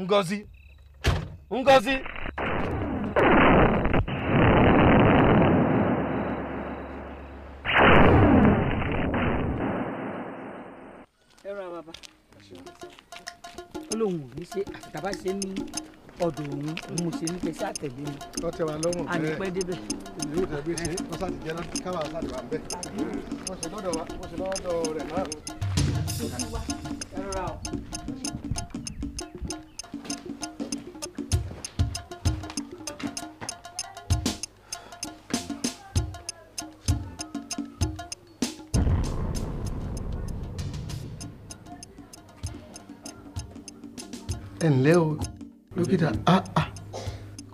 Ngozi Ngozi. olóhùn ò ní ṣe àtàbá ṣe ní ọ̀dọ̀ òun òun ò ṣe ní kẹsí àtẹ̀lé mi. wọ́n tẹ wa lọ́rùn bẹ́ẹ̀ àyẹ̀pẹ́ débẹ̀. ìlú ò tẹ̀lé ṣe wọ́n sáà ti jẹ́ náà káwọn sáà ti wà ń bẹ̀. wọ́n ṣe lọ́dọ̀ wa wọ́n ṣe lọ́dọ̀ rẹ̀ náà. ẹ ǹlẹ́ o dókítà ah ah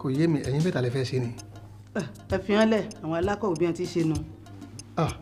kò yé mi ẹ̀yin mẹ́ta lè fẹ́ ṣe ni. ẹ fi hàn lẹ àwọn alákọ̀wé bí wọn ti ṣe nu. ah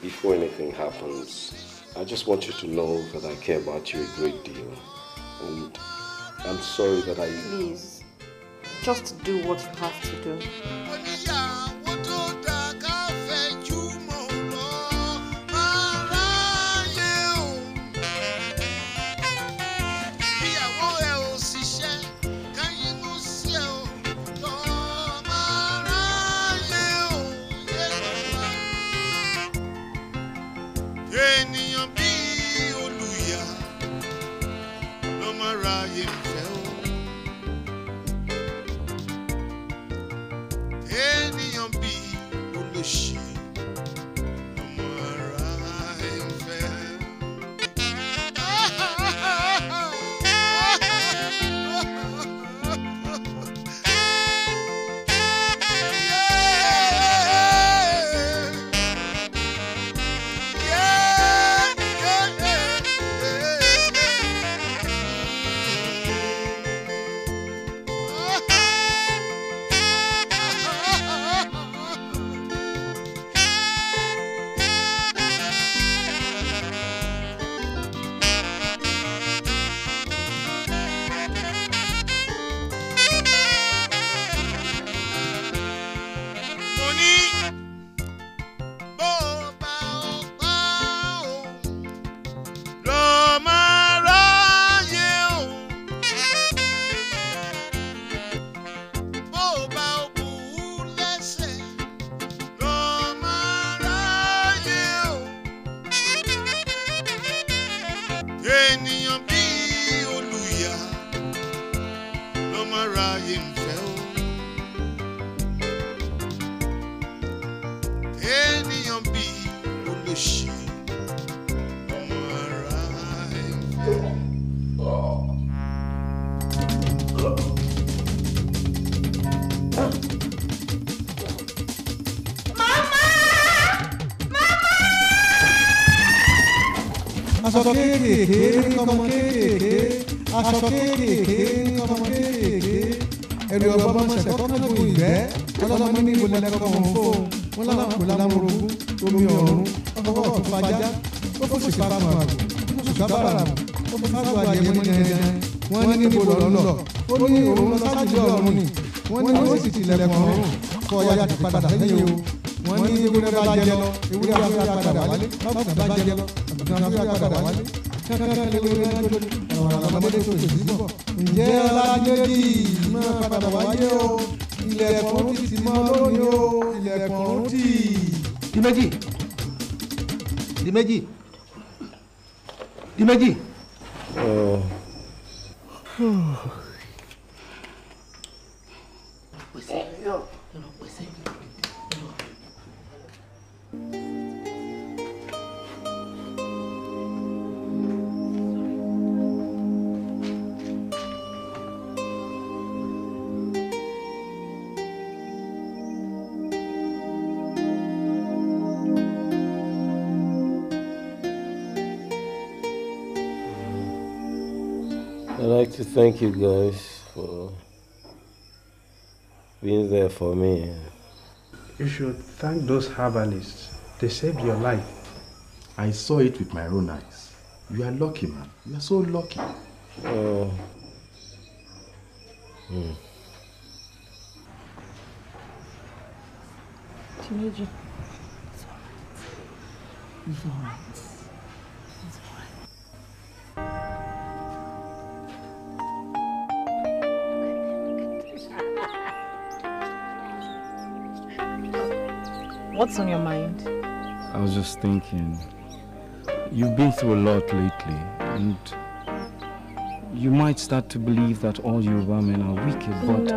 before anything happens, I just want you to know that I care about you a great deal. And I'm sorry that I... Please, just do what you have to do. Uh, aṣọ kéékèèké nǹkan ọmọ kéékèèké aṣọ kéékèèké nǹkan ọmọ kéékèèké ẹ̀rù ọba ọmọ ṣẹ̀kọ́ kánú ìgbẹ́ ọlọ́mọ ní ìbò lẹ́kọ̀ọ́ wọn fò wọn láwọn kò lámúrogún omi ọ̀run ọkọ̀ ọ̀tún fajá ó fò sí pàmò àgbò ó sì sábàrà ó fi fáwọn àjẹmọ́ ní ẹ̀rẹ́ wọn ní ìbò lọ́lọ́ ó ní òun lọ sáàtì wọ́n ní ewúrẹ́ bá jẹ lọ ewúrẹ́ bá fi apàdà wálé báwùsà bá jẹ lọ àgùntàn bá fi apàdà wálé kákàkà lewúrẹ́ bá jẹ lọ tó sì bọ̀. ǹjẹ́ ọlájẹ́dì máa padà wáyé o ilẹ̀kùn ti ti mọ́ lónìí o ilẹ̀kùn ti. di méjì di méjì di méjì. like to thank you guys for being there for me. You should thank those herbalists. They saved your life. I saw it with my own eyes. You are lucky, man. You are so lucky. Oh. hmm. Teenager. It's alright. It's alright. What's on your mind? I was just thinking, you've been through a lot lately, and you might start to believe that all Yoruba men are wicked, but no,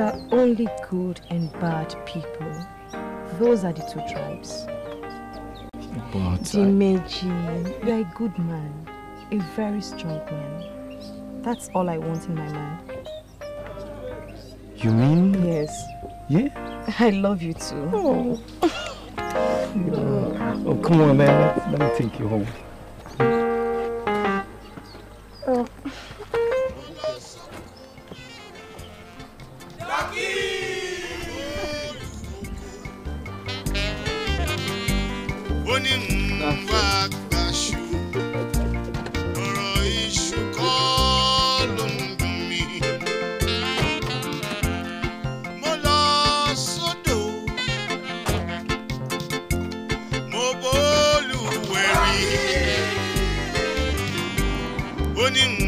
I... are only good and bad people. Those are the two tribes. But Dimeji, I... you're a good man, a very strong man. That's all I want in my man. You mean? Yes. Yeah? I love you too. Oh. oh, come on, man. Let me take you home. Oh. onim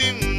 benim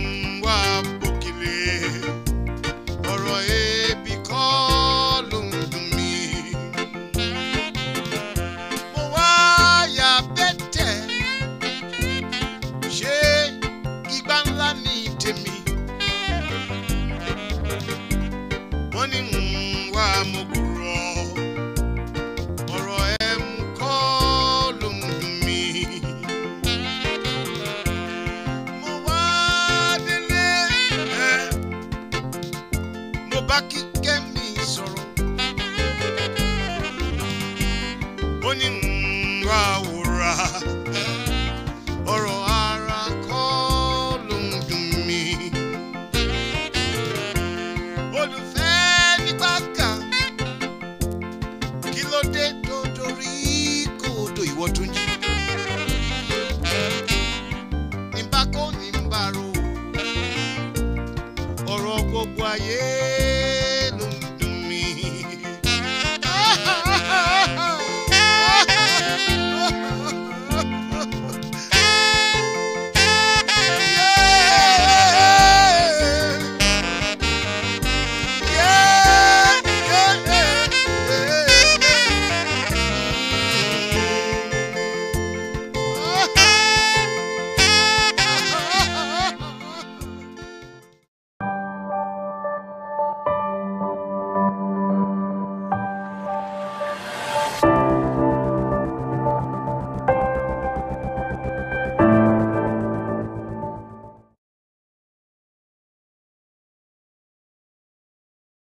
Ọbakike mi sọ̀rọ̀ ó ní nwa mm, wúrà ọ̀rọ̀ ara kọ́ ló ń dùn mí olùfẹ́ nígbà kan kí ló dé iwo dorí kòtò